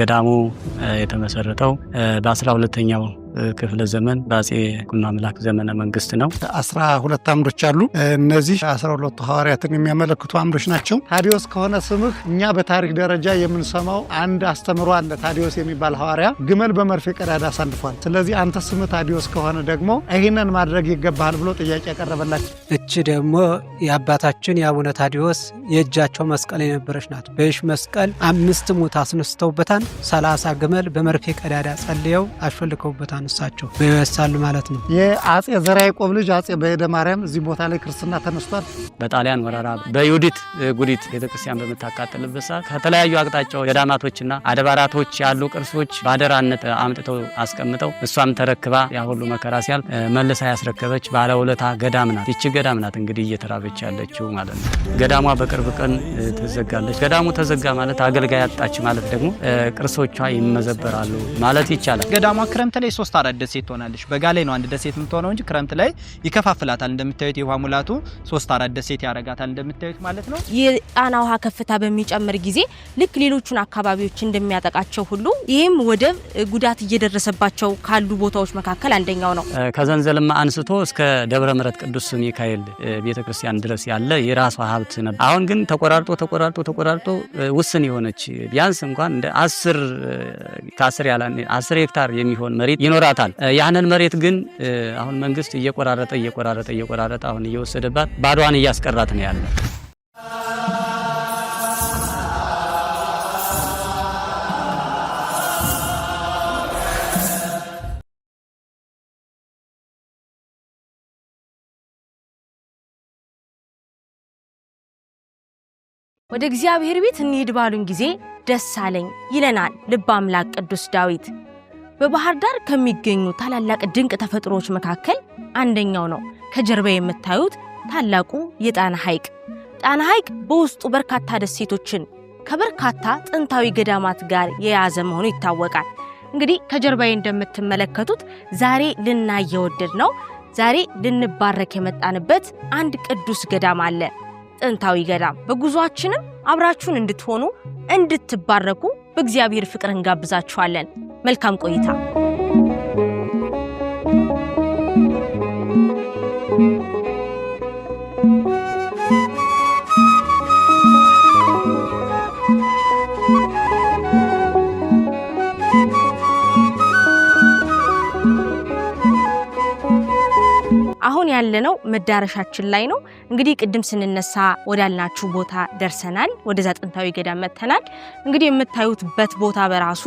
ገዳሙ የተመሰረተው በአስራ ሁለተኛው ክፍለ ዘመን በአጼ ኩና ምላክ ዘመነ መንግስት ነው። አስራ ሁለት አምዶች አሉ። እነዚህ አስራ ሁለቱ ሐዋርያትን የሚያመለክቱ አምዶች ናቸው። ታዲዮስ ከሆነ ስምህ እኛ በታሪክ ደረጃ የምንሰማው አንድ አስተምሮ አለ። ታዲዮስ የሚባል ሐዋርያ ግመል በመርፌ ቀዳዳ አሳልፏል። ስለዚህ አንተ ስምህ ታዲዮስ ከሆነ ደግሞ ይህንን ማድረግ ይገባሃል ብሎ ጥያቄ ያቀረበላቸው። እች ደግሞ የአባታችን የአቡነ ታዲዮስ የእጃቸው መስቀል የነበረች ናት። በይሽ መስቀል አምስት ሙት አስነስተውበታል። ሰላሳ ግመል በመርፌ ቀዳዳ ጸልየው አሾልከውበታል። አነሳቸው ይወሳሉ ማለት ነው። የአጼ ዘርዓ ያዕቆብ ልጅ አጼ በእደ ማርያም እዚህ ቦታ ላይ ክርስትና ተነስቷል። በጣሊያን ወረራ በዩዲት ጉዲት ቤተክርስቲያን በምታቃጥልበት ሰዓት ከተለያዩ አቅጣጫው ገዳማቶችና አድባራቶች ያሉ ቅርሶች በአደራነት አምጥተው አስቀምጠው እሷም ተረክባ ያ ሁሉ መከራ ሲያል መልሳ ያስረከበች ባለውለታ ገዳም ናት። ይቺ ገዳም ናት እንግዲህ እየተራበች ያለችው ማለት ነው። ገዳሟ በቅርብ ቀን ትዘጋለች። ገዳሙ ተዘጋ ማለት አገልጋይ አጣች ማለት ደግሞ ቅርሶቿ ይመዘበራሉ ማለት ይቻላል። ገዳሟ ክረምት ላይ ሶስት አራት ደሴት ትሆናለች። በጋ ላይ ነው አንድ ደሴት የምትሆነው እንጂ ክረምት ላይ ይከፋፍላታል። እንደምታዩት የውሃ ሙላቱ ሶስት አራት ደሴት ያረጋታል እንደምታዩት ማለት ነው። የጣና ውሃ ከፍታ በሚጨምር ጊዜ ልክ ሌሎቹን አካባቢዎች እንደሚያጠቃቸው ሁሉ ይህም ወደብ ጉዳት እየደረሰባቸው ካሉ ቦታዎች መካከል አንደኛው ነው። ከዘንዘልማ አንስቶ እስከ ደብረ ምረት ቅዱስ ሚካኤል ቤተክርስቲያን ድረስ ያለ የራሷ ሀብት ነበር። አሁን ግን ተቆራርጦ ተቆራርጦ ተቆራርጦ ውስን የሆነች ቢያንስ እንኳን እንደ አስር ከአስር ያላ አስር ሄክታር የሚሆን መሬት ይኖራል ይኖራታል። ያንን መሬት ግን አሁን መንግስት እየቆራረጠ እየቆራረጠ እየቆራረጠ አሁን እየወሰደባት ባዷን እያስቀራት ነው ያለ ወደ እግዚአብሔር ቤት እንሂድ ባሉን ጊዜ ደስ አለኝ ይለናል ልበ አምላክ ቅዱስ ዳዊት። በባህር ዳር ከሚገኙ ታላላቅ ድንቅ ተፈጥሮዎች መካከል አንደኛው ነው። ከጀርባ የምታዩት ታላቁ የጣና ሐይቅ። ጣና ሐይቅ በውስጡ በርካታ ደሴቶችን ከበርካታ ጥንታዊ ገዳማት ጋር የያዘ መሆኑ ይታወቃል። እንግዲህ ከጀርባዬ እንደምትመለከቱት ዛሬ ልናይ የወደድ ነው ዛሬ ልንባረክ የመጣንበት አንድ ቅዱስ ገዳም አለ። ጥንታዊ ገዳም። በጉዟችንም አብራችሁን እንድትሆኑ እንድትባረኩ በእግዚአብሔር ፍቅር እንጋብዛችኋለን። መልካም ቆይታ ያለነው መዳረሻችን ላይ ነው። እንግዲህ ቅድም ስንነሳ ወዳልናችሁ ቦታ ደርሰናል። ወደዛ ጥንታዊ ገዳም መጥተናል። እንግዲህ የምታዩትበት ቦታ በራሱ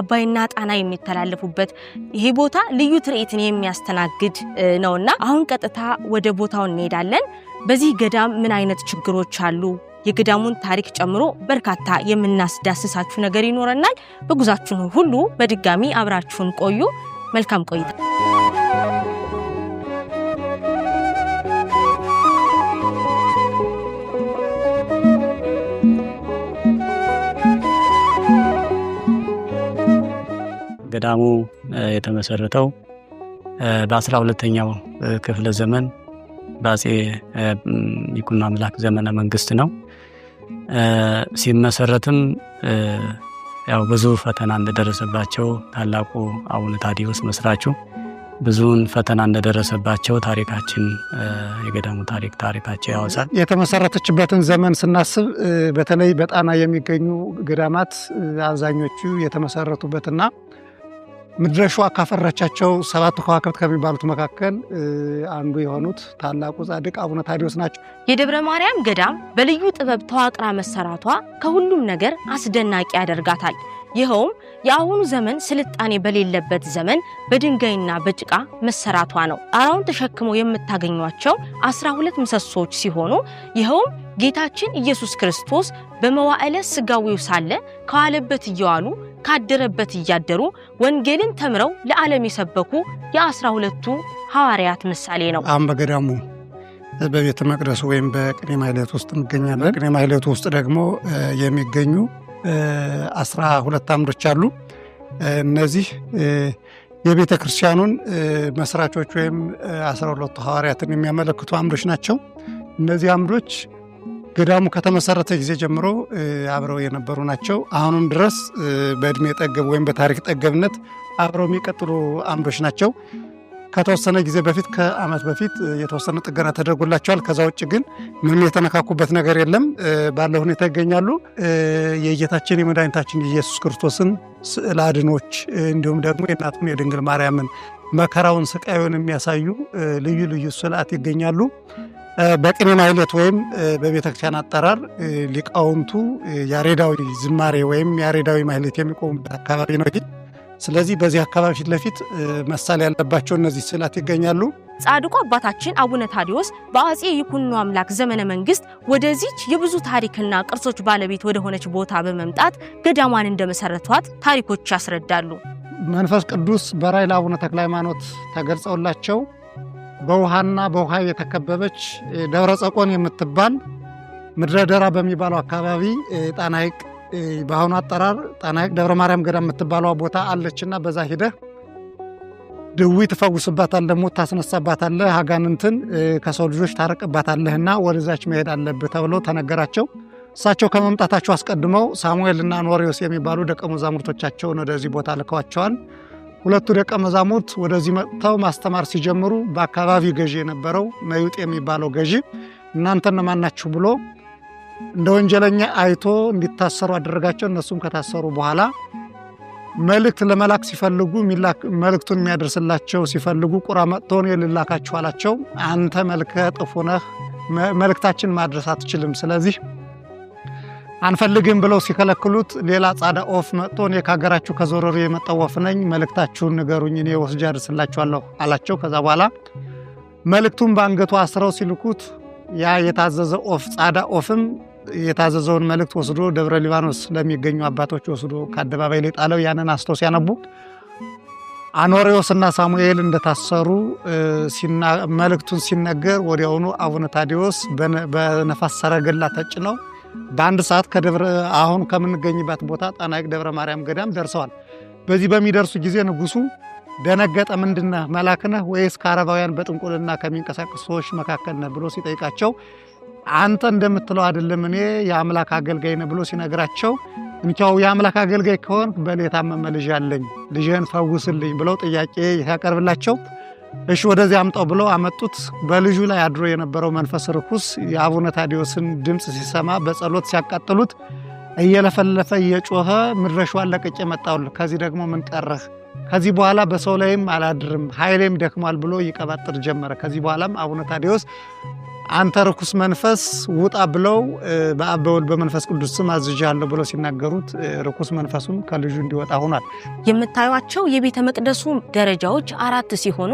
አባይና ጣና የሚተላለፉበት ይሄ ቦታ ልዩ ትርኢትን የሚያስተናግድ ነውና አሁን ቀጥታ ወደ ቦታው እንሄዳለን። በዚህ ገዳም ምን አይነት ችግሮች አሉ? የገዳሙን ታሪክ ጨምሮ በርካታ የምናስዳስሳችሁ ነገር ይኖረናል። በጉዛችሁ ሁሉ በድጋሚ አብራችሁን ቆዩ። መልካም ቆይታ ገዳሙ የተመሰረተው በአስራ ሁለተኛው ክፍለ ዘመን በአጼ ይኩኖ አምላክ ዘመነ መንግስት ነው። ሲመሰረትም ያው ብዙ ፈተና እንደደረሰባቸው ታላቁ አቡነ ታዲዮስ መስራቹ ብዙውን ፈተና እንደደረሰባቸው ታሪካችን የገዳሙ ታሪክ ታሪካቸው ያወሳል። የተመሰረተችበትን ዘመን ስናስብ በተለይ በጣና የሚገኙ ገዳማት አብዛኞቹ የተመሰረቱበትና ምድረ ካፈራቻቸው ሰባት ከዋክብት ከሚባሉት መካከል አንዱ የሆኑት ታላቁ ጻድቅ አቡነ ታዲዮስ ናቸው። የደብረ ማርያም ገዳም በልዩ ጥበብ ተዋቅራ መሰራቷ ከሁሉም ነገር አስደናቂ ያደርጋታል። ይኸውም የአሁኑ ዘመን ስልጣኔ በሌለበት ዘመን በድንጋይና በጭቃ መሰራቷ ነው። ጣራውን ተሸክሞ የምታገኟቸው አስራ ሁለት ምሰሶዎች ሲሆኑ ይኸውም ጌታችን ኢየሱስ ክርስቶስ በመዋዕለ ሥጋዌው ሳለ ከዋለበት እየዋሉ ካደረበት እያደሩ ወንጌልን ተምረው ለዓለም የሰበኩ የአስራ ሁለቱ ሐዋርያት ምሳሌ ነው። አሁን በገዳሙ በቤተ መቅደሱ ወይም በቅኔ ማሕሌት ውስጥ እንገኛለን። በቅኔ ማሕሌቱ ውስጥ ደግሞ የሚገኙ አስራ ሁለት አምዶች አሉ። እነዚህ የቤተ ክርስቲያኑን መስራቾች ወይም አስራ ሁለቱ ሐዋርያትን የሚያመለክቱ አምዶች ናቸው። እነዚህ አምዶች ገዳሙ ከተመሰረተ ጊዜ ጀምሮ አብረው የነበሩ ናቸው። አሁንም ድረስ በእድሜ ጠገብ ወይም በታሪክ ጠገብነት አብረው የሚቀጥሉ አምዶች ናቸው። ከተወሰነ ጊዜ በፊት ከዓመት በፊት የተወሰነ ጥገና ተደርጎላቸዋል። ከዛ ውጭ ግን ምንም የተነካኩበት ነገር የለም። ባለው ሁኔታ ይገኛሉ። የጌታችን የመድኃኒታችን ኢየሱስ ክርስቶስን ስዕል አድኖች እንዲሁም ደግሞ የእናቱን የድንግል ማርያምን መከራውን፣ ስቃዩን የሚያሳዩ ልዩ ልዩ ስዕላት ይገኛሉ። በቅኔ ማይሌት ወይም በቤተክርስቲያን አጠራር ሊቃውንቱ ያሬዳዊ ዝማሬ ወይም ያሬዳዊ ማህሌት የሚቆሙበት አካባቢ ነው። ስለዚህ በዚህ አካባቢ ፊት ለፊት መሳል ያለባቸው እነዚህ ስዕላት ይገኛሉ። ጻድቁ አባታችን አቡነ ታዲዎስ በአጼ ይኩኖ አምላክ ዘመነ መንግስት ወደዚች የብዙ ታሪክና ቅርሶች ባለቤት ወደሆነች ቦታ በመምጣት ገዳሟን እንደመሰረቷት ታሪኮች ያስረዳሉ። መንፈስ ቅዱስ በራዕይ ለአቡነ ተክለ ሃይማኖት ተገልጸውላቸው በውሃና በውሃ የተከበበች ደብረ ጸቆን የምትባል ምድረ ደራ በሚባለው አካባቢ ጣና ሐይቅ በአሁኑ አጠራር ጣና ሐይቅ ደብረ ማርያም ገዳ የምትባለዋ ቦታ አለችና በዛ ሂደ ድዊ ትፈውስባታለህ፣ ሞት ታስነሳባታለህ፣ አጋንንትን ከሰው ልጆች ታረቅባታለህና ወደዛች መሄድ አለብህ ተብለው ተነገራቸው። እሳቸው ከመምጣታቸው አስቀድመው ሳሙኤልና ኖሪዮስ የሚባሉ ደቀ መዛሙርቶቻቸውን ወደዚህ ቦታ ልከዋቸዋል። ሁለቱ ደቀ መዛሙርት ወደዚህ መጥተው ማስተማር ሲጀምሩ በአካባቢ ገዢ የነበረው መዩጥ የሚባለው ገዢ እናንተ እነማን ናችሁ ብሎ እንደ ወንጀለኛ አይቶ እንዲታሰሩ አደረጋቸው። እነሱም ከታሰሩ በኋላ መልእክት ለመላክ ሲፈልጉ መልእክቱን የሚያደርስላቸው ሲፈልጉ ቁራ መጥቶ እኔ ልላካችሁ አላቸው። አንተ መልከ ጥፉ ነህ፣ መልእክታችን ማድረስ አትችልም። ስለዚህ አንፈልግም ብለው ሲከለክሉት ሌላ ጻዳ ወፍ መጥቶ እኔ ከሀገራችሁ ከዞረሩ የመጣ ወፍ ነኝ፣ መልእክታችሁን ንገሩኝ፣ እኔ ወስጄ አደርስላችኋለሁ አላቸው። ከዛ በኋላ መልእክቱን በአንገቱ አስረው ሲልኩት ያ የታዘዘ ወፍ ጻዳ ወፍም የታዘዘውን መልእክት ወስዶ ደብረ ሊባኖስ ለሚገኙ አባቶች ወስዶ ከአደባባይ ላይ ጣለው። ያንን አስቶ ሲያነቡ አኖሬዎስ ሳሙኤል እንደታሰሩ መልእክቱን ሲነገር ወዲያውኑ አቡነ ታዲዎስ በነፋስ ሰረገላ ተጭነው በአንድ ሰዓት ከደብረ አሁን ከምንገኝበት ቦታ ጣና ሐይቅ ደብረ ማርያም ገዳም ደርሰዋል። በዚህ በሚደርሱ ጊዜ ንጉሱ ደነገጠ። ምንድነህ መላክነ ወይስ ከአረባውያን በጥንቁልና ከሚንቀሳቀሱ ሰዎች መካከል ነህ ብሎ ሲጠይቃቸው አንተ እንደምትለው አይደለም እኔ የአምላክ አገልጋይ ነህ ብሎ ሲነግራቸው እንኪያው የአምላክ አገልጋይ ከሆን በሌታ መመልዣ አለኝ ልጅህን ፈውስልኝ ብለው ጥያቄ ያቀርብላቸው? እሺ ወደዚህ አምጣው ብለው አመጡት። በልጁ ላይ አድሮ የነበረው መንፈስ ርኩስ የአቡነ ታዲዮስን ድምፅ ሲሰማ በጸሎት ሲያቃጥሉት እየለፈለፈ እየጮኸ ምድረሻዋን ለቅቄ መጣሁልህ፣ ከዚህ ደግሞ ምን ቀረህ? ከዚህ በኋላ በሰው ላይም አላድርም፣ ኃይሌም ደክሟል ብሎ ይቀባጥር ጀመረ። ከዚህ በኋላም አቡነ ታዲዮስ አንተ ርኩስ መንፈስ ውጣ ብለው በአብ በወልድ በመንፈስ ቅዱስ ስም አዝዣለሁ ብለው ሲናገሩት ርኩስ መንፈሱም ከልጁ እንዲወጣ ሆኗል። የምታዩቸው የቤተ መቅደሱ ደረጃዎች አራት ሲሆኑ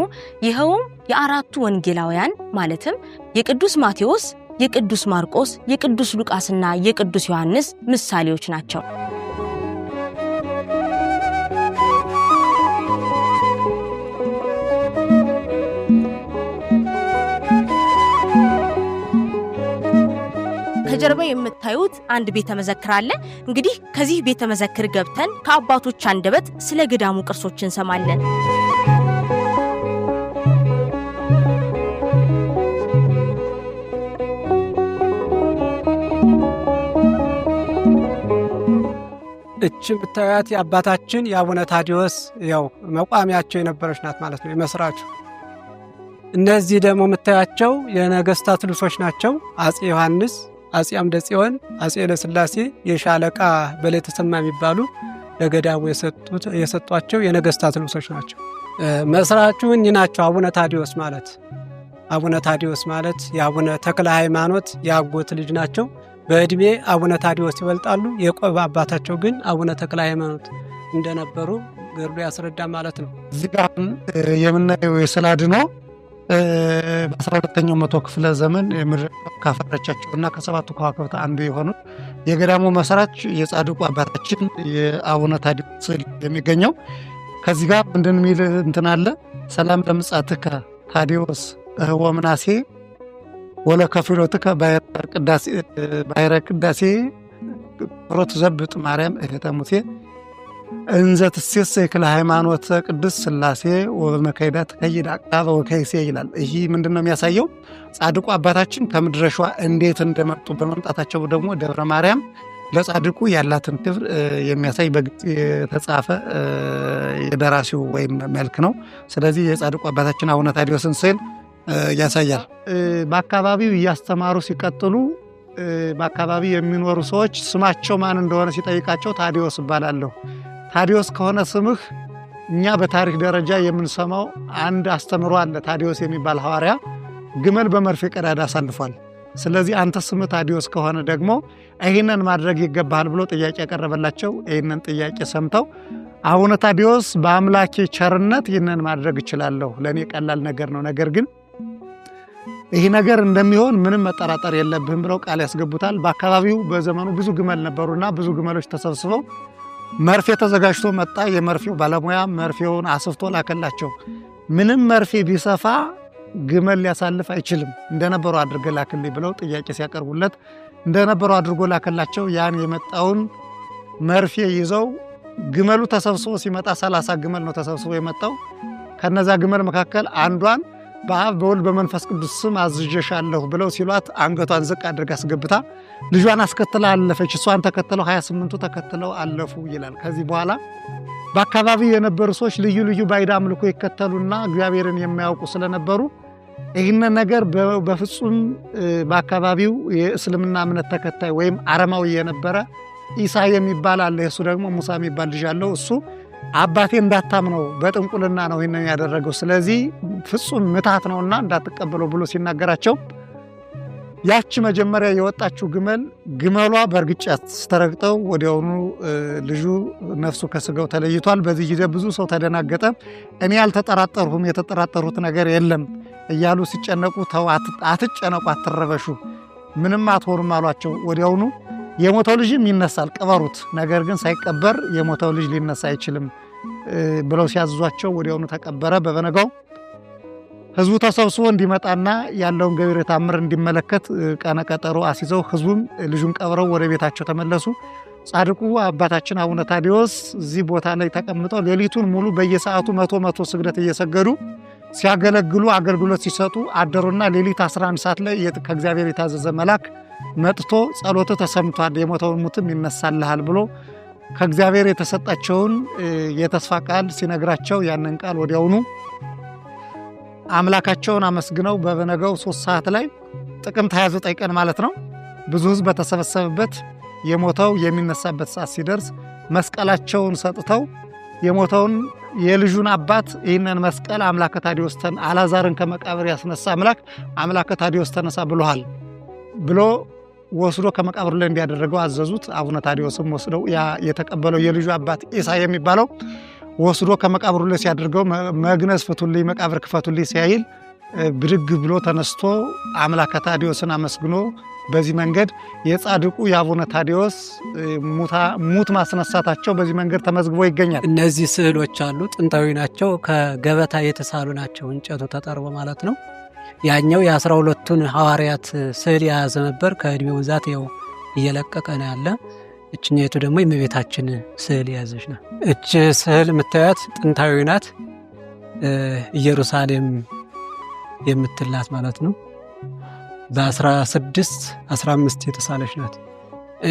ይኸውም የአራቱ ወንጌላውያን ማለትም የቅዱስ ማቴዎስ፣ የቅዱስ ማርቆስ፣ የቅዱስ ሉቃስና የቅዱስ ዮሐንስ ምሳሌዎች ናቸው። ከጀርባ የምታዩት አንድ ቤተ መዘክር አለ። እንግዲህ ከዚህ ቤተ መዘክር ገብተን ከአባቶች አንደበት ስለ ገዳሙ ቅርሶች እንሰማለን። እች የምታዩት የአባታችን የአቡነ ታዲዎስ ያው መቋሚያቸው የነበረች ናት ማለት ነው፣ የመስራቹ። እነዚህ ደግሞ የምታያቸው የነገስታት ልብሶች ናቸው አፄ ዮሐንስ አጼ አምደ ጽዮን፣ አጼ ለስላሴ የሻለቃ በላይ ተሰማ የሚባሉ ለገዳሙ የሰጧቸው የነገስታት ልብሶች ናቸው። መስራቹ እኚ ናቸው። አቡነ ታዲዎስ ማለት አቡነ ታዲዎስ ማለት የአቡነ ተክለ ሃይማኖት የአጎት ልጅ ናቸው። በእድሜ አቡነ ታዲዎስ ይበልጣሉ። የቆብ አባታቸው ግን አቡነ ተክለ ሃይማኖት እንደነበሩ ገድሎ ያስረዳ ማለት ነው። እዚህ ጋር የምናየው የስዕል አድኖ በአስራ ሁለተኛው መቶ ክፍለ ዘመን ካፈረቻቸው እና ከሰባቱ ከዋክብት አንዱ የሆኑት የገዳሙ መስራች የጻድቁ አባታችን የአቡነ ታዲዮስ ስዕል የሚገኘው ከዚህ ጋር ምንድን የሚል እንትን አለ። ሰላም ለምጻትከ ታዲዮስ እህወ ምናሴ ወለ ከፊሎትከ ባይረ ቅዳሴ ሮት ዘብጥ ማርያም እህተ ሙሴ እንዘ ትሴሰ ክለ ሃይማኖት ቅዱስ ስላሴ ወበመከይዳ ተከይድ አቅጣበ ወከይሴ ይላል። ይህ ምንድን ነው የሚያሳየው? ጻድቁ አባታችን ከምድረ ሸዋ እንዴት እንደመጡ በመምጣታቸው ደግሞ ደብረ ማርያም ለጻድቁ ያላትን ክብር የሚያሳይ በግልጽ የተጻፈ የደራሲው ወይም መልክ ነው። ስለዚህ የጻድቁ አባታችን አቡነ ታዲዮስን ስዕል ያሳያል። በአካባቢው እያስተማሩ ሲቀጥሉ በአካባቢው የሚኖሩ ሰዎች ስማቸው ማን እንደሆነ ሲጠይቃቸው ታዲዮስ እባላለሁ ታዲዮስ ከሆነ ስምህ እኛ በታሪክ ደረጃ የምንሰማው አንድ አስተምሮ አለ። ታዲዮስ የሚባል ሐዋርያ ግመል በመርፌ ቀዳዳ አሳልፏል። ስለዚህ አንተ ስምህ ታዲዮስ ከሆነ ደግሞ ይህንን ማድረግ ይገባሃል ብሎ ጥያቄ ያቀረበላቸው ይህንን ጥያቄ ሰምተው አቡነ ታዲዮስ በአምላኬ ቸርነት ይህንን ማድረግ እችላለሁ፣ ለእኔ ቀላል ነገር ነው፣ ነገር ግን ይህ ነገር እንደሚሆን ምንም መጠራጠር የለብህም ብለው ቃል ያስገቡታል። በአካባቢው በዘመኑ ብዙ ግመል ነበሩና ብዙ ግመሎች ተሰብስበው መርፌ ተዘጋጅቶ መጣ። የመርፌው ባለሙያ መርፌውን አስፍቶ ላከላቸው። ምንም መርፌ ቢሰፋ ግመል ሊያሳልፍ አይችልም፣ እንደነበረው አድርገ ላክልኝ ብለው ጥያቄ ሲያቀርቡለት እንደነበረው አድርጎ ላከላቸው። ያን የመጣውን መርፌ ይዘው ግመሉ ተሰብስቦ ሲመጣ ሰላሳ ግመል ነው ተሰብስቦ የመጣው። ከነዛ ግመል መካከል አንዷን በአብ በወልድ በመንፈስ ቅዱስ ስም አዝዤሻለሁ ብለው ሲሏት አንገቷን ዝቅ አድርጋ አስገብታ ልጇን አስከትላ አለፈች። እሷን ተከትለው 28ቱ ተከትለው አለፉ ይላል። ከዚህ በኋላ በአካባቢው የነበሩ ሰዎች ልዩ ልዩ ባዕድ አምልኮ ይከተሉና እግዚአብሔርን የማያውቁ ስለነበሩ ይህን ነገር በፍጹም በአካባቢው የእስልምና እምነት ተከታይ ወይም አረማዊ የነበረ ኢሳ የሚባል አለ። እሱ ደግሞ ሙሳ የሚባል ልጅ አለው። እሱ አባቴ እንዳታምነው በጥንቁልና ነው ይህንን ያደረገው፣ ስለዚህ ፍጹም ምታት ነውና እንዳትቀበለው ብሎ ሲናገራቸው ያቺ መጀመሪያ የወጣችው ግመል ግመሏ በእርግጫ ስተረግጠው ወዲያውኑ ልጁ ነፍሱ ከስጋው ተለይቷል። በዚህ ጊዜ ብዙ ሰው ተደናገጠ። እኔ ያልተጠራጠርሁም የተጠራጠሩት ነገር የለም እያሉ ሲጨነቁ፣ ተው አትጨነቁ፣ አትረበሹ፣ ምንም አትሆኑም አሏቸው። ወዲያውኑ የሞተው ልጅም ይነሳል ቅበሩት፣ ነገር ግን ሳይቀበር የሞተው ልጅ ሊነሳ አይችልም ብለው ሲያዝዟቸው ወዲያውኑ ተቀበረ። በበነጋው ህዝቡ ተሰብስቦ እንዲመጣና ያለውን ገቢረ ተአምር እንዲመለከት ቀነ ቀጠሮ አስይዘው ህዝቡም ልጁን ቀብረው ወደ ቤታቸው ተመለሱ። ጻድቁ አባታችን አቡነ ታዲዎስ እዚህ ቦታ ላይ ተቀምጠው ሌሊቱን ሙሉ በየሰዓቱ መቶ መቶ ስግደት እየሰገዱ ሲያገለግሉ አገልግሎት ሲሰጡ አደሩና ሌሊት 11 ሰዓት ላይ ከእግዚአብሔር የታዘዘ መልአክ መጥቶ ጸሎት ተሰምቷል፣ የሞተውን ሙትም ይነሳልሃል ብሎ ከእግዚአብሔር የተሰጣቸውን የተስፋ ቃል ሲነግራቸው ያንን ቃል ወዲያውኑ አምላካቸውን አመስግነው በበነገው ሶስት ሰዓት ላይ ጥቅምት 29 ቀን ማለት ነው ብዙ ሕዝብ በተሰበሰበበት የሞተው የሚነሳበት ሰዓት ሲደርስ መስቀላቸውን ሰጥተው የሞተውን የልጁን አባት ይህንን መስቀል አምላከ ታዲዮስ አላዛርን ከመቃብር ያስነሳ አምላክ አምላከ ታዲዮስ ተነሳ ብሎሃል ብሎ ወስዶ ከመቃብር ላይ እንዲያደረገው አዘዙት። አቡነ ታዲዮስም ወስደው ያ የተቀበለው የልጁ አባት ኢሳ የሚባለው ወስዶ ከመቃብሩ ላይ ሲያደርገው መግነዝ ፍቱልኝ፣ መቃብር ክፈቱልኝ ሲያይል ብድግ ብሎ ተነስቶ አምላከ ታዲዮስን አመስግኖ በዚህ መንገድ የጻድቁ የአቡነ ታዲዎስ ሙት ማስነሳታቸው በዚህ መንገድ ተመዝግቦ ይገኛል። እነዚህ ስዕሎች አሉ፣ ጥንታዊ ናቸው። ከገበታ የተሳሉ ናቸው፣ እንጨቱ ተጠርቦ ማለት ነው። ያኛው የአስራ ሁለቱን ሐዋርያት ስዕል የያዘ ነበር። ከእድሜ ብዛት ው እየለቀቀ ነው ያለ። እችኛቱ ደግሞ የእመቤታችን ስዕል የያዘች ነው። እች ስዕል የምታዩት ጥንታዊ ናት፣ ኢየሩሳሌም የምትላት ማለት ነው። በ 1615 የተሳለች ናት።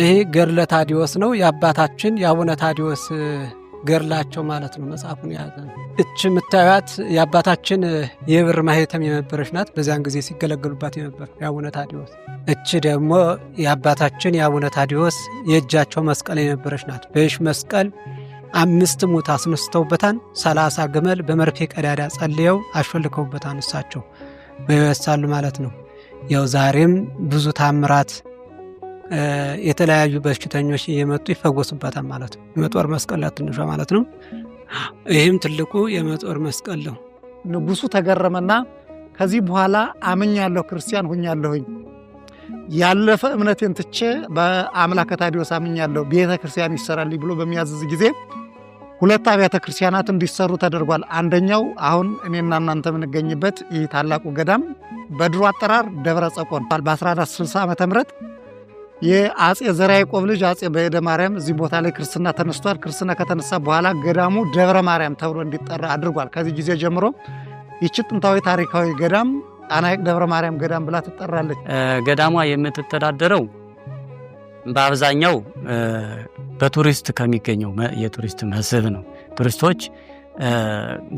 ይሄ ገድለ ታዲዎስ ነው። የአባታችን የአቡነ ታዲዎስ ገድላቸው ማለት ነው። መጽሐፉን የያዘ እች የምታዩት የአባታችን የብር ማህተም የነበረች ናት። በዚያን ጊዜ ሲገለገሉባት የነበር የአቡነ ታዲዎስ። እች ደግሞ የአባታችን የአቡነ ታዲዎስ የእጃቸው መስቀል የነበረች ናት። በይሽ መስቀል አምስት ሙት አስነስተውበታን፣ ሰላሳ ግመል በመርፌ ቀዳዳ ጸልየው አሾልከውበታን እሳቸው በይወሳሉ ማለት ነው። ያው ዛሬም ብዙ ታምራት የተለያዩ በሽተኞች እየመጡ ይፈወሱበታል ማለት ነው። የመጦር መስቀል ትንሿ ማለት ነው። ይህም ትልቁ የመጦር መስቀል ነው። ንጉሱ ተገረመና ከዚህ በኋላ አምኛለሁ ክርስቲያን ሁኛለሁኝ ያለፈ እምነቴን ትቼ በአምላከ ታዲዮስ አምኛለሁ ቤተ ክርስቲያን ይሰራልኝ ብሎ በሚያዝዝ ጊዜ ሁለት አብያተ ክርስቲያናት እንዲሰሩ ተደርጓል። አንደኛው አሁን እኔና እናንተ የምንገኝበት ይህ ታላቁ ገዳም በድሮ አጠራር ደብረ ጸቆን በ1460 ዓ ም የአጼ ዘርዓ ያዕቆብ ልጅ አጼ በእደ ማርያም እዚህ ቦታ ላይ ክርስትና ተነስቷል። ክርስትና ከተነሳ በኋላ ገዳሙ ደብረ ማርያም ተብሎ እንዲጠራ አድርጓል። ከዚህ ጊዜ ጀምሮ ይቺ ጥንታዊ ታሪካዊ ገዳም ጣና ሐይቅ ደብረ ማርያም ገዳም ብላ ትጠራለች። ገዳሟ የምትተዳደረው በአብዛኛው በቱሪስት ከሚገኘው የቱሪስት መስህብ ነው። ቱሪስቶች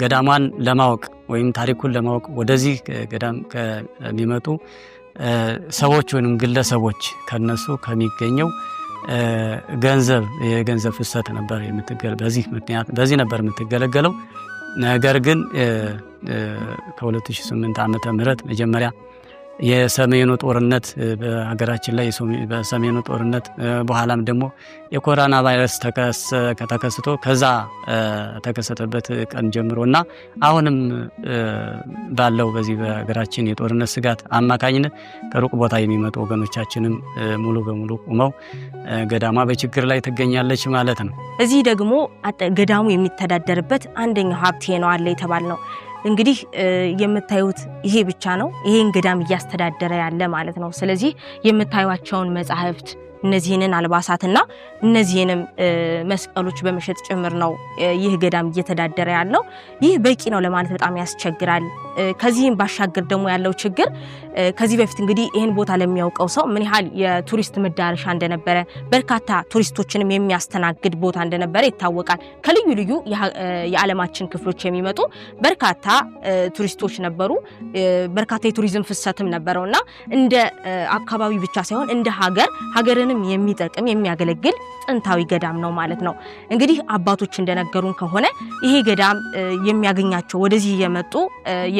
ገዳሟን ለማወቅ ወይም ታሪኩን ለማወቅ ወደዚህ ገዳም ከሚመጡ ሰዎች ወይም ግለሰቦች ከነሱ ከሚገኘው ገንዘብ የገንዘብ ፍሰት ነበር በዚህ ምክንያት በዚህ ነበር የምትገለገለው። ነገር ግን ከ2008 ዓመተ ምህረት መጀመሪያ የሰሜኑ ጦርነት በሀገራችን ላይ በሰሜኑ ጦርነት በኋላም ደግሞ የኮሮና ቫይረስ ተከስቶ ከዛ ተከሰተበት ቀን ጀምሮ እና አሁንም ባለው በዚህ በሀገራችን የጦርነት ስጋት አማካኝነት ከሩቅ ቦታ የሚመጡ ወገኖቻችንም ሙሉ በሙሉ ቁመው ገዳሟ በችግር ላይ ትገኛለች ማለት ነው። እዚህ ደግሞ ገዳሙ የሚተዳደርበት አንደኛው ሀብቴ ነው አለ የተባል ነው እንግዲህ የምታዩት ይሄ ብቻ ነው። ይሄን ገዳም እያስተዳደረ ያለ ማለት ነው። ስለዚህ የምታዩቸውን መጽሐፍት እነዚህንን አልባሳትና እነዚህንም መስቀሎች በመሸጥ ጭምር ነው ይህ ገዳም እየተዳደረ ያለው። ይህ በቂ ነው ለማለት በጣም ያስቸግራል። ከዚህም ባሻገር ደግሞ ያለው ችግር ከዚህ በፊት እንግዲህ ይህን ቦታ ለሚያውቀው ሰው ምን ያህል የቱሪስት መዳረሻ እንደነበረ በርካታ ቱሪስቶችንም የሚያስተናግድ ቦታ እንደነበረ ይታወቃል። ከልዩ ልዩ የዓለማችን ክፍሎች የሚመጡ በርካታ ቱሪስቶች ነበሩ። በርካታ የቱሪዝም ፍሰትም ነበረው እና እንደ አካባቢ ብቻ ሳይሆን እንደ ሀገር ሀገርንም የሚጠቅም የሚያገለግል ጥንታዊ ገዳም ነው ማለት ነው። እንግዲህ አባቶች እንደነገሩን ከሆነ ይሄ ገዳም የሚያገኛቸው ወደዚህ እየመጡ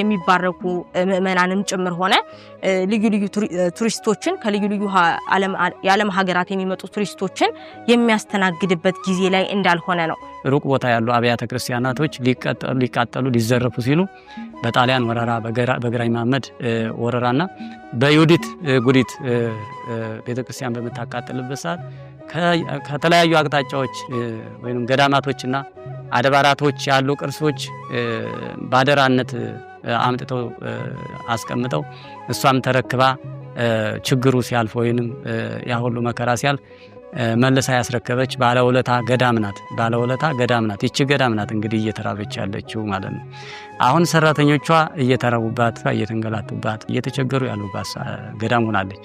የሚባረኩ ምእመናንም ጭምር ሆነ ልዩ ልዩ ቱሪስቶችን ከልዩ ልዩ የዓለም ሀገራት የሚመጡ ቱሪስቶችን የሚያስተናግድበት ጊዜ ላይ እንዳልሆነ ነው። ሩቅ ቦታ ያሉ አብያተ ክርስቲያናቶች ሊቃጠሉ ሊዘረፉ ሲሉ በጣሊያን ወረራ በግራኝ መሐመድ ወረራና በይሁዲት ጉዲት ቤተክርስቲያን በምታቃጥልበት ሰዓት ከተለያዩ አቅጣጫዎች ወይም ገዳማቶችና አድባራቶች ያሉ ቅርሶች በአደራነት አምጥተው አስቀምጠው እሷም ተረክባ ችግሩ ሲያልፍ ወይንም ያ ሁሉ መከራ ሲያልፍ መልሳ ያስረከበች ባለውለታ ገዳም ናት። ባለውለታ ገዳም ናት። ይቺ ገዳም ናት እንግዲህ እየተራበች ያለችው ማለት ነው። አሁን ሰራተኞቿ እየተራቡባት፣ እየተንገላቱባት፣ እየተቸገሩ ያሉባት ገዳም ሆናለች።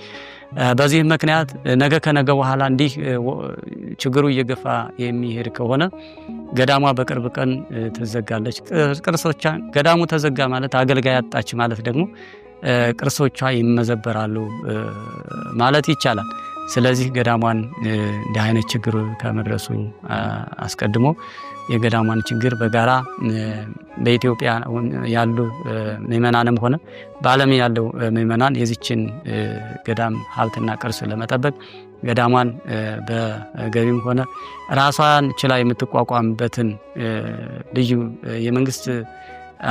በዚህም ምክንያት ነገ ከነገ በኋላ እንዲህ ችግሩ እየገፋ የሚሄድ ከሆነ ገዳሟ በቅርብ ቀን ትዘጋለች። ቅርሶቿ ገዳሙ ተዘጋ ማለት አገልጋይ አጣች ማለት ደግሞ ቅርሶቿ ይመዘበራሉ ማለት ይቻላል። ስለዚህ ገዳሟን እንዲህ አይነት ችግር ከመድረሱ አስቀድሞ የገዳሟን ችግር በጋራ በኢትዮጵያ ያሉ ምእመናንም ሆነ በዓለም ያለው ምዕመናን የዚችን ገዳም ሀብትና ቅርስ ለመጠበቅ ገዳሟን በገቢም ሆነ ራሷን ችላ የምትቋቋምበትን ልዩ የመንግስት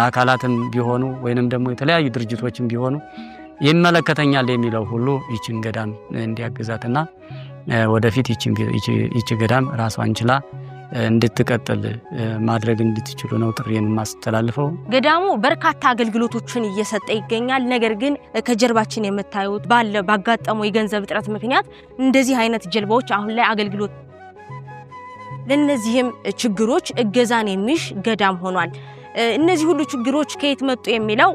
አካላትም ቢሆኑ ወይንም ደግሞ የተለያዩ ድርጅቶችም ቢሆኑ ይመለከተኛል የሚለው ሁሉ ይችን ገዳም እንዲያግዛትና ወደፊት ይች ገዳም ራሷን ችላ እንድትቀጥል ማድረግ እንድትችሉ ነው ጥሪን የማስተላልፈው። ገዳሙ በርካታ አገልግሎቶችን እየሰጠ ይገኛል። ነገር ግን ከጀርባችን የምታዩት ባለ ባጋጠመው የገንዘብ እጥረት ምክንያት እንደዚህ አይነት ጀልባዎች አሁን ላይ አገልግሎት ለእነዚህም ችግሮች እገዛን የሚሽ ገዳም ሆኗል። እነዚህ ሁሉ ችግሮች ከየት መጡ የሚለው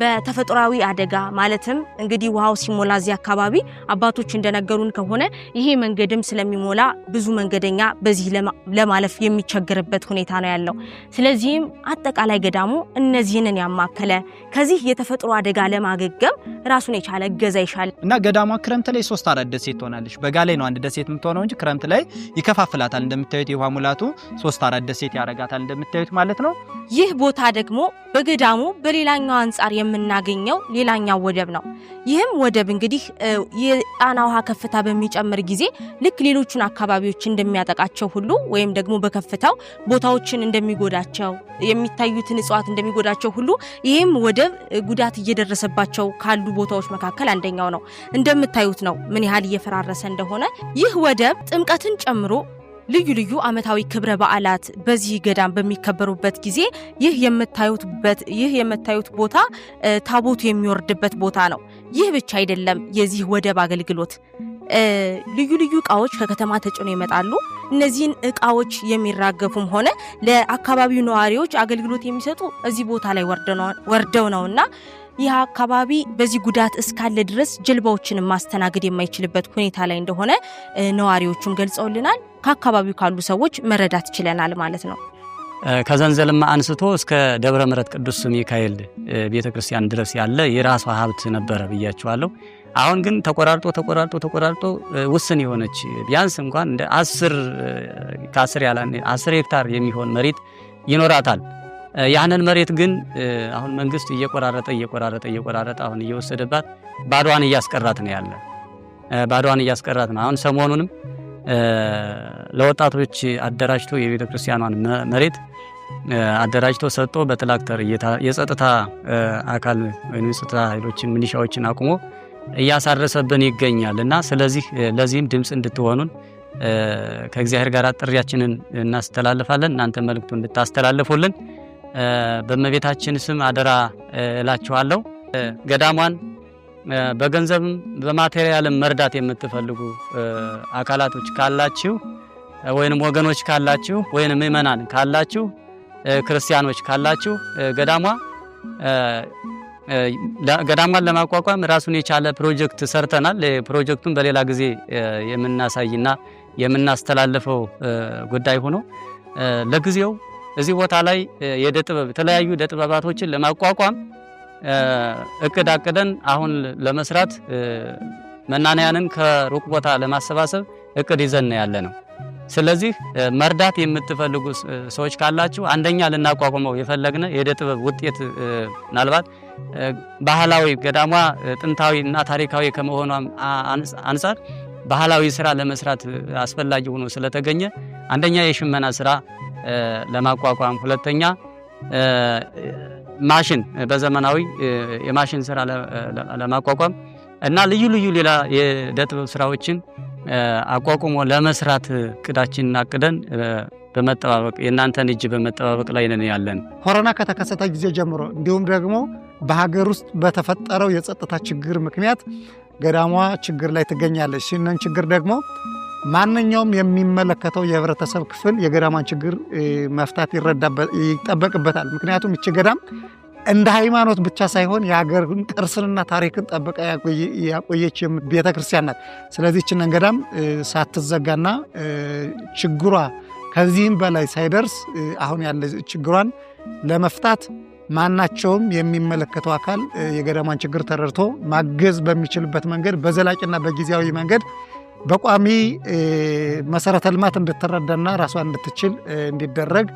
በተፈጥሯዊ አደጋ ማለትም እንግዲህ ውሃው ሲሞላ እዚህ አካባቢ አባቶች እንደነገሩን ከሆነ ይሄ መንገድም ስለሚሞላ ብዙ መንገደኛ በዚህ ለማለፍ የሚቸገርበት ሁኔታ ነው ያለው። ስለዚህም አጠቃላይ ገዳሙ እነዚህንን ያማከለ ከዚህ የተፈጥሮ አደጋ ለማገገም ራሱን የቻለ እገዛ ይሻል እና ገዳሟ ክረምት ላይ ሶስት አራት ደሴት ትሆናለች። በጋ ላይ ነው አንድ ደሴት የምትሆነው እንጂ ክረምት ላይ ይከፋፍላታል። እንደምታዩት የውሃ ሙላቱ ሶስት አራት ደሴት ያረጋታል እንደምታዩት ማለት ነው። ይህ ቦታ ደግሞ በገዳሙ በሌ ከሌላኛው አንጻር የምናገኘው ሌላኛው ወደብ ነው። ይህም ወደብ እንግዲህ የጣና ውሃ ከፍታ በሚጨምር ጊዜ ልክ ሌሎቹን አካባቢዎች እንደሚያጠቃቸው ሁሉ ወይም ደግሞ በከፍታው ቦታዎችን እንደሚጎዳቸው የሚታዩትን እጽዋት እንደሚጎዳቸው ሁሉ ይህም ወደብ ጉዳት እየደረሰባቸው ካሉ ቦታዎች መካከል አንደኛው ነው። እንደምታዩት ነው ምን ያህል እየፈራረሰ እንደሆነ። ይህ ወደብ ጥምቀትን ጨምሮ ልዩ ልዩ ዓመታዊ ክብረ በዓላት በዚህ ገዳም በሚከበሩበት ጊዜ ይህ የምታዩትበት ይህ የምታዩት ቦታ ታቦቱ የሚወርድበት ቦታ ነው። ይህ ብቻ አይደለም። የዚህ ወደብ አገልግሎት ልዩ ልዩ እቃዎች ከከተማ ተጭኖ ይመጣሉ። እነዚህን እቃዎች የሚራገፉም ሆነ ለአካባቢው ነዋሪዎች አገልግሎት የሚሰጡ እዚህ ቦታ ላይ ወርደው እና ይህ አካባቢ በዚህ ጉዳት እስካለ ድረስ ጀልባዎችን ማስተናገድ የማይችልበት ሁኔታ ላይ እንደሆነ ነዋሪዎቹም ገልጸውልናል። ከአካባቢው ካሉ ሰዎች መረዳት ችለናል ማለት ነው። ከዘንዘልማ አንስቶ እስከ ደብረ ምረት ቅዱስ ሚካኤል ቤተ ክርስቲያን ድረስ ያለ የራሷ ሀብት ነበረ ብያችኋለሁ። አሁን ግን ተቆራርጦ ተቆራርጦ ተቆራርጦ ውስን የሆነች ቢያንስ እንኳን እንደ አስር ከአስር ያላ አስር ሄክታር የሚሆን መሬት ይኖራታል። ያንን መሬት ግን አሁን መንግስት እየቆራረጠ እየቆራረጠ እየቆራረጠ አሁን እየወሰደባት ባዷን እያስቀራት ነው ያለ ባዷን እያስቀራት ነው አሁን ሰሞኑንም ለወጣቶች አደራጅቶ የቤተ ክርስቲያኗን መሬት አደራጅቶ ሰጥቶ በትላክተር የጸጥታ አካል ወይም የጸጥታ ኃይሎችን ሚሊሻዎችን አቁሞ እያሳረሰብን ይገኛል እና ስለዚህ ለዚህም ድምፅ እንድትሆኑን ከእግዚአብሔር ጋር ጥሪያችንን እናስተላልፋለን። እናንተ መልእክቱ እንድታስተላልፉልን በእመቤታችን ስም አደራ እላችኋለሁ ገዳሟን በገንዘብም በማቴሪያልም መርዳት የምትፈልጉ አካላቶች ካላችሁ ወይንም ወገኖች ካላችሁ ወይንም ምእመናን ካላችሁ ክርስቲያኖች ካላችሁ ገዳሟ ገዳሟን ለማቋቋም ራሱን የቻለ ፕሮጀክት ሰርተናል። ፕሮጀክቱን በሌላ ጊዜ የምናሳይና የምናስተላልፈው ጉዳይ ሆኖ ለጊዜው እዚህ ቦታ ላይ የተለያዩ ደጥበባቶችን ጥበባቶችን ለማቋቋም እቅድ አቅደን አሁን ለመስራት መናንያንን ከሩቅ ቦታ ለማሰባሰብ እቅድ ይዘን ያለ ነው። ስለዚህ መርዳት የምትፈልጉ ሰዎች ካላችሁ አንደኛ ልናቋቁመው የፈለግነ የእደ ጥበብ ውጤት ምናልባት ባህላዊ ገዳሟ ጥንታዊ እና ታሪካዊ ከመሆኗ አንጻር ባህላዊ ስራ ለመስራት አስፈላጊ ሆኖ ስለተገኘ አንደኛ የሽመና ስራ ለማቋቋም ሁለተኛ ማሽን በዘመናዊ የማሽን ስራ ለማቋቋም እና ልዩ ልዩ ሌላ የዕደ ጥበብ ስራዎችን አቋቁሞ ለመስራት እቅዳችንን አቅደን በመጠባበቅ የእናንተን እጅ በመጠባበቅ ላይ ነን ያለን። ኮሮና ከተከሰተ ጊዜ ጀምሮ እንዲሁም ደግሞ በሀገር ውስጥ በተፈጠረው የጸጥታ ችግር ምክንያት ገዳሟ ችግር ላይ ትገኛለች። ይህንን ችግር ደግሞ ማንኛውም የሚመለከተው የህብረተሰብ ክፍል የገዳማን ችግር መፍታት ይጠበቅበታል። ምክንያቱም ይቺ ገዳም እንደ ሃይማኖት ብቻ ሳይሆን የሀገርን ቅርስንና ታሪክን ጠብቃ ያቆየች ቤተ ክርስቲያን ናት። ስለዚህ ይችንን ገዳም ሳትዘጋና ችግሯ ከዚህም በላይ ሳይደርስ አሁን ያለ ችግሯን ለመፍታት ማናቸውም የሚመለከተው አካል የገዳማን ችግር ተረድቶ ማገዝ በሚችልበት መንገድ በዘላቂና በጊዜያዊ መንገድ በቋሚ መሰረተ ልማት እንድትረዳና ራሷን እንድትችል እንዲደረግ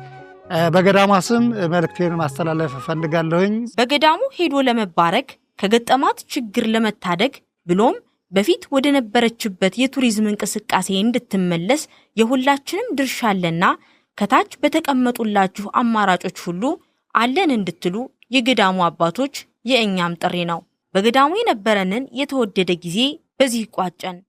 በገዳሟ ስም መልእክቴን ማስተላለፍ እፈልጋለሁኝ። በገዳሙ ሄዶ ለመባረክ ከገጠማት ችግር ለመታደግ ብሎም በፊት ወደ ነበረችበት የቱሪዝም እንቅስቃሴ እንድትመለስ የሁላችንም ድርሻ አለና ከታች በተቀመጡላችሁ አማራጮች ሁሉ አለን እንድትሉ የገዳሙ አባቶች የእኛም ጥሪ ነው። በገዳሙ የነበረንን የተወደደ ጊዜ በዚህ ቋጨን።